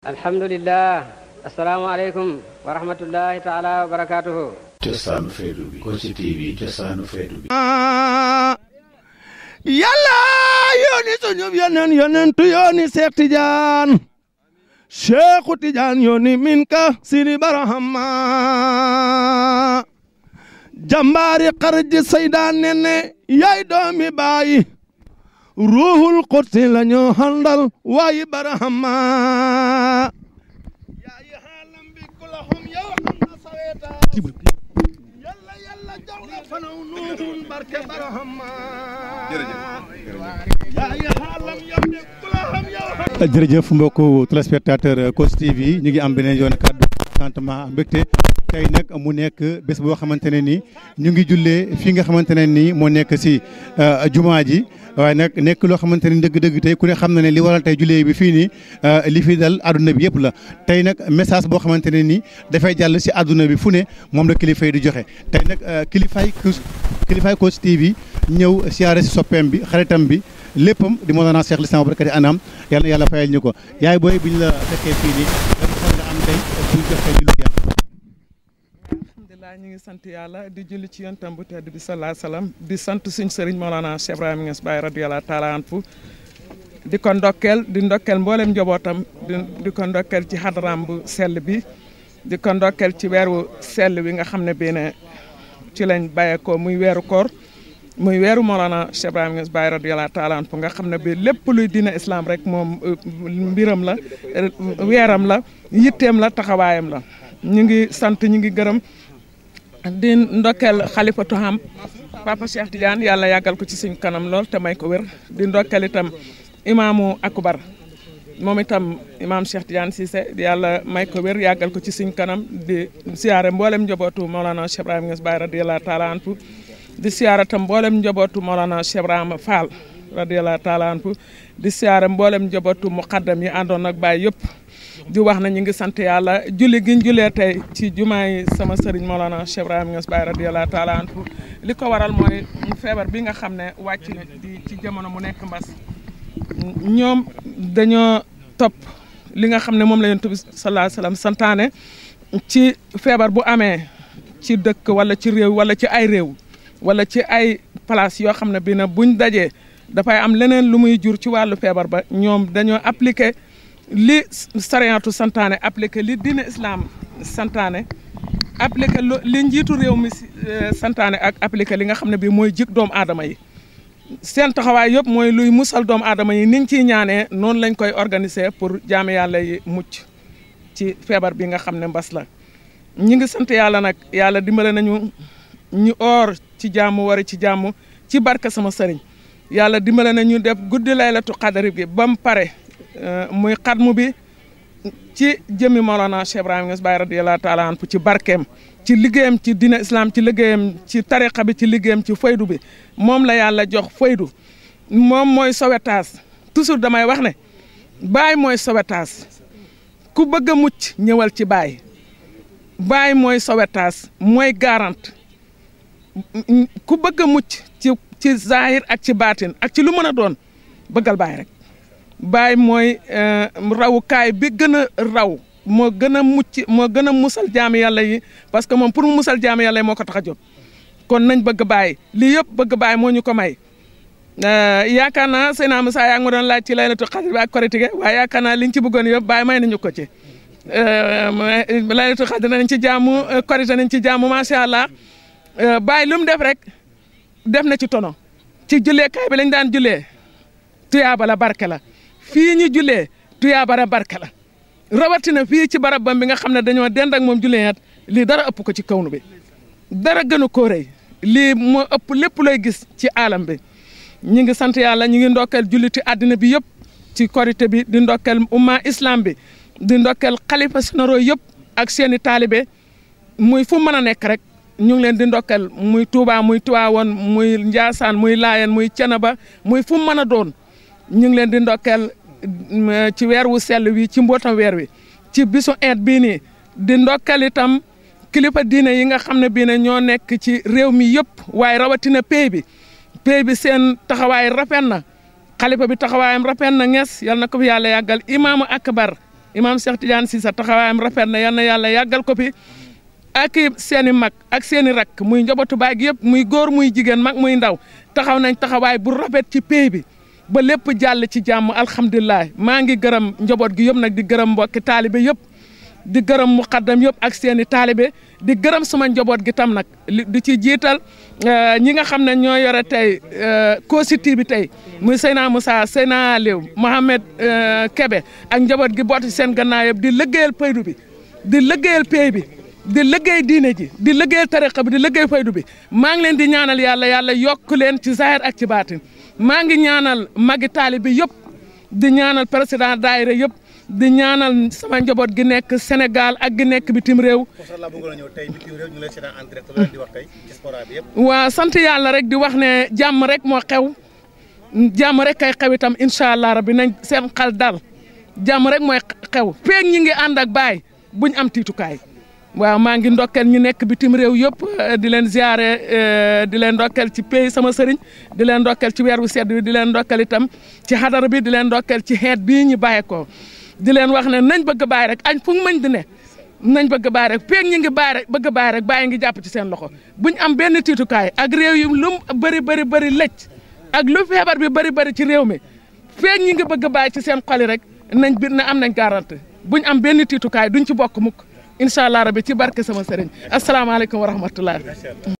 alhamdulilah asalaamaaleykum wa rahmatullahi taala wa barakaatuhu cosaanu feetu bi Kossy TV cosaanu feetu bi ah, yàlla yooni suñu yonen yonentu yooni Cheikh Tidiane Cheikhu Tidiane yooni min ka siri jambaari xarji saydaan nene yaay doomi baayi ruuhul qudsi la ñu handal waaye barahama yaayi haalam bi kulahum am na saweeta yàlla yàlla jox TV ñu ngi am beneen yoon kàddu contentement tey nag mu nekk bés boo xamante ne ni ñu ngi jullee fii nga xamante ne nii moo nekk si euh, jumaa ji waaye nag nekk loo xamante ne dëgg-dëgg tey ku ne xam na ne li waral tey jullee bi fii nii euh, li fi dal àdduna bi yëpp la tey nag message boo xamante ne nii dafay jàll si àdduna bi fu ne moom la kilifa yi di joxe tey nag euh, kilifaay kilifaay Kossy TV ñëw siyaare si soppeem bi xaritam bi léppam di Mawlana Cheikh Lislam Barkati Anam yàlla yàlla fayal ñu ko yaay booy bi ñu la fekkee fii nii nga am tey bu ñu joxe alhamdulilah ñu ngi sant yàlla di julli ci yontam bu tedd bi salaa salaam di sant suñ sëriñ Mawlana Cheikh Ibrahima Niass Baye radiyallahu taala anhu di ko ndokkeel di ndokkeel mboolem njobootam di ko ndokkeel ci xadaraam bu bi di ko ndokkeel ci weeru sell wi nga xam ne bii ne ci lañ bàyyeekoo muy weeru koor muy weeru Mawlana Cheikh Ibrahima radiyallahu taala nga xam ne bi lépp luy diine islam rek moom euh, mbiram la euh, weeram la yitteem la taxawaayam la ñu ngi sant ñu ngi di ndokkeel xalifatu ham papa Cheikh Tidiane yàlla yàggal ko ci suñ kanam lool te may ko wer di ndokkeel itam imaamu akubar moom itam imaam Cheikh Tidiane Cissé yàlla may ko wér yàggal ko ci suñ kanam di siyaare mboolem njabootu Mawlana Cheikh Ibrahima Niass Baye taala anhu di mboolem njabootu Mawlana Cheikh Ibrahima Fall radiyallahu di siyaare mboolem njabootu muqaddam yi àndoon ak Baye yëpp. ju wax na ñu ngi sant yàlla julli gi julee tey ci jumaa yi sama sëriñ Mawlana Cheikh Ibrahima Niass Baye radiyallahu taala anhu li ko waral mooy feebar bi nga xam ne wàcc na ci jamono mu nekk mbas ñoom dañoo top li nga xam ne moom la Yonent bi sallallahu santaane ci feebar bu amee ci dëkk wala ci réew wala ci ay réew wala ci ay place yoo xam ne bi na buñ dajee dafay am leneen lu muy jur ci wàllu feebar ba ñoom dañoo appliqué li sariyaatu santaane appliqué li diine islam santaane appliqué li njiitu réew mi eh, santaane ak appliqué li nga xam ne bii mooy jik doomu aadama yi seen taxawaay yëpp mooy luy musal doomu aadama yi ni ñu ciy ñaanee noonu lañ koy organiser pour jaami yàlla yi mucc ci feebar bi nga xam ne mbas la ñi ngi sant yàlla nag yàlla dimbale nañu ñu oor ci jàmm war ci jàmm ci barke sama sëriñ yàlla dimbale nañu def guddi laylatu xadari bi ba mu pare Euh, muy xatmu bi ci jëmmi Mawlana Cheikh Ibrahima Niass Baye radiyallahu taala anhu ci barkeem ci liggéeyam ci dina islam ci liggéeyam ci tariqa bi ci liggéeyam ci faydu bi moom la yàlla jox faydu moom mooy sowetaas toujours damay wax ne baay mooy sowetaas ku bëgg mucc ñëwal ci baay baay mooy sowetaas mooy garante ku bëgg a mucc ci ci zahir ak ci baatin ak ci lu mën a doon bëggal baay rek baay mooy euh, rawukaay bi gën a raw moo gën a mucc moo gën a musal jaam yàlla yi parce que moom pour mu musal jaam yàlla yi moo ko tax a jóg kon nañ bëgg baay lii yëpp bëgg baay moo ñu ko may euh, yaakaar naa sëy naa Moussa yaa ngi ma doon laaj ci laylatul xadr bi ak korite gi waaye yaakaar naa liñ ci bëggoon yëpp baay may nañu ko ci euh, laylatul xadr nañ ci jaamu korite nañ ci jaamu macha allah baay lu mu def rek def na ci tono ci julleekaay bi lañ daan jullee tuyaaba la barke fii ñu julee tuyaa bara barka la rawatina fii ci barab bam bi nga xam ne dañoo dend ak moom julee at lii dara ëpp ko ci kawnu bi dara gënu koo rëy lii moo ëpp lépp lay gis ci alam bi ñu ngi sant yàlla ñu ngi ndokkeel julliti àddina bi yëpp ci korité bi di ndokkeel umma islam bi di ndokkeel xalifa senaro yëpp ak seeni taalibe muy fu mën a nekk rek ñu ngi leen di ndokkeel muy Touba muy Tiwaawan muy Njaasaan muy Laayeen muy Cenaba muy fu mën a doon ñu ngi leen di ndokkeel ci weer wu sell wi ci mbootam weer wi ci bisu Eid bii di ndokkal kilifa diina yi nga xam ne biina ñoo nekk ci réew mi yëpp waaye rawatina pay bi pay bi seen taxawaay rafet na xalifa bi taxawaayam rafet na ngees yal na ko yàlla yàggal imaamu akbar imaam Cheikh Tidiane si sa taxawaayam rafet na yal yàlla yàggal ko fi ak seen mag ak seeni i rakk muy njabootu baay gi yëpp muy góor muy jigéen mag muy ndaw taxaw nañ taxawaay bu rafet ci pay bi ba lépp jàll ci jàmm alhamdulilah maa ngi gërëm njaboot gi yëpp nag di gërëm mbokki taalibe yëpp di gërëm muqaddam yëpp ak seeni taalibe di gërëm sama njaboot gi tam nag di ci jiital eh, ñi nga xam ne ñoo yore tey eh, Kossy TV bi tey muy Seyna Moussa Seyna Aliou Mohamed eh, Kebe ak njaboot gi booti seen gannaaw yëpp di liggéeyal paydu bi di liggéeyal pay bi di liggéey diine ji di liggéeyal tariqa bi di liggéey faydu bi maa ngi leen di ñaanal yàlla yàlla yokk leen ci zahir ak ci maa ngi ñaanal magi taalibe yëpp di ñaanal président daayira yëpp di ñaanal sama njaboot gi nekk Sénégal ak gi nekk bitim réew. waa sant yàlla rek di wax ne jàmm rek moo xew jàmm rek kay xew itam incha allah rabi nañ seen xel dal jàmm rek mooy xew feeg ngi ànd ak baay buñ am tiitukaay. waaw maa ngi ndokkeel ñu nekk bitim réew yëpp eh, di leen ziare eh, di leen ndokkeel ci pays sama sëriñ di leen ndokkeel ci weer wu sedd bi di leen ndokkeel itam ci xadar bi di leen ndokkeel ci xeet bii ñu bàyyeekoo di leen wax ne nañ bëgg baay rek añ fu mañ di ne nañ bëgg bàyyi rek peeg ñi ngi bàyyi rek bëgg bàyyi rek bàyyi ngi jàpp ci seen loxo buñ am benn tiitukaay ak réew yi lu bëri bëri bëri lëcc ak lu feebar bi bëri bari ci réew mi feeg ñi ngi bëgg bàyyi ci seen xol rek nañ bir na am nañ garanti buñ am benn tiitukaay duñ ci bokk mukk incha allah rabi ci barke sama sëriñ asalaamaaleykum wa rahmatulah.